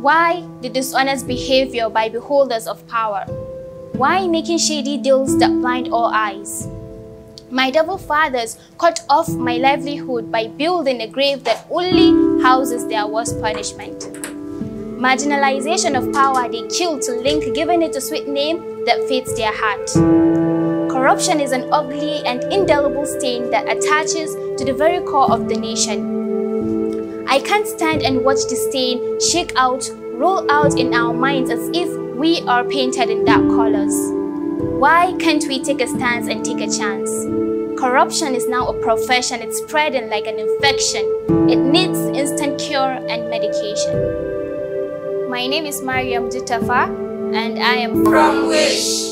Why the dishonest behavior by beholders of power? Why making shady deals that blind all eyes? My devil fathers cut off my livelihood by building a grave that only houses their worst punishment. Marginalization of power they kill to link giving it a sweet name that fits their heart. Corruption is an ugly and indelible stain that attaches to the very core of the nation. I can't stand and watch the stain shake out, roll out in our minds as if we are painted in dark colors. Why can't we take a stance and take a chance? Corruption is now a profession, it's spreading like an infection. It needs instant cure and medication. My name is Mariam Dutafa and I am from Wish.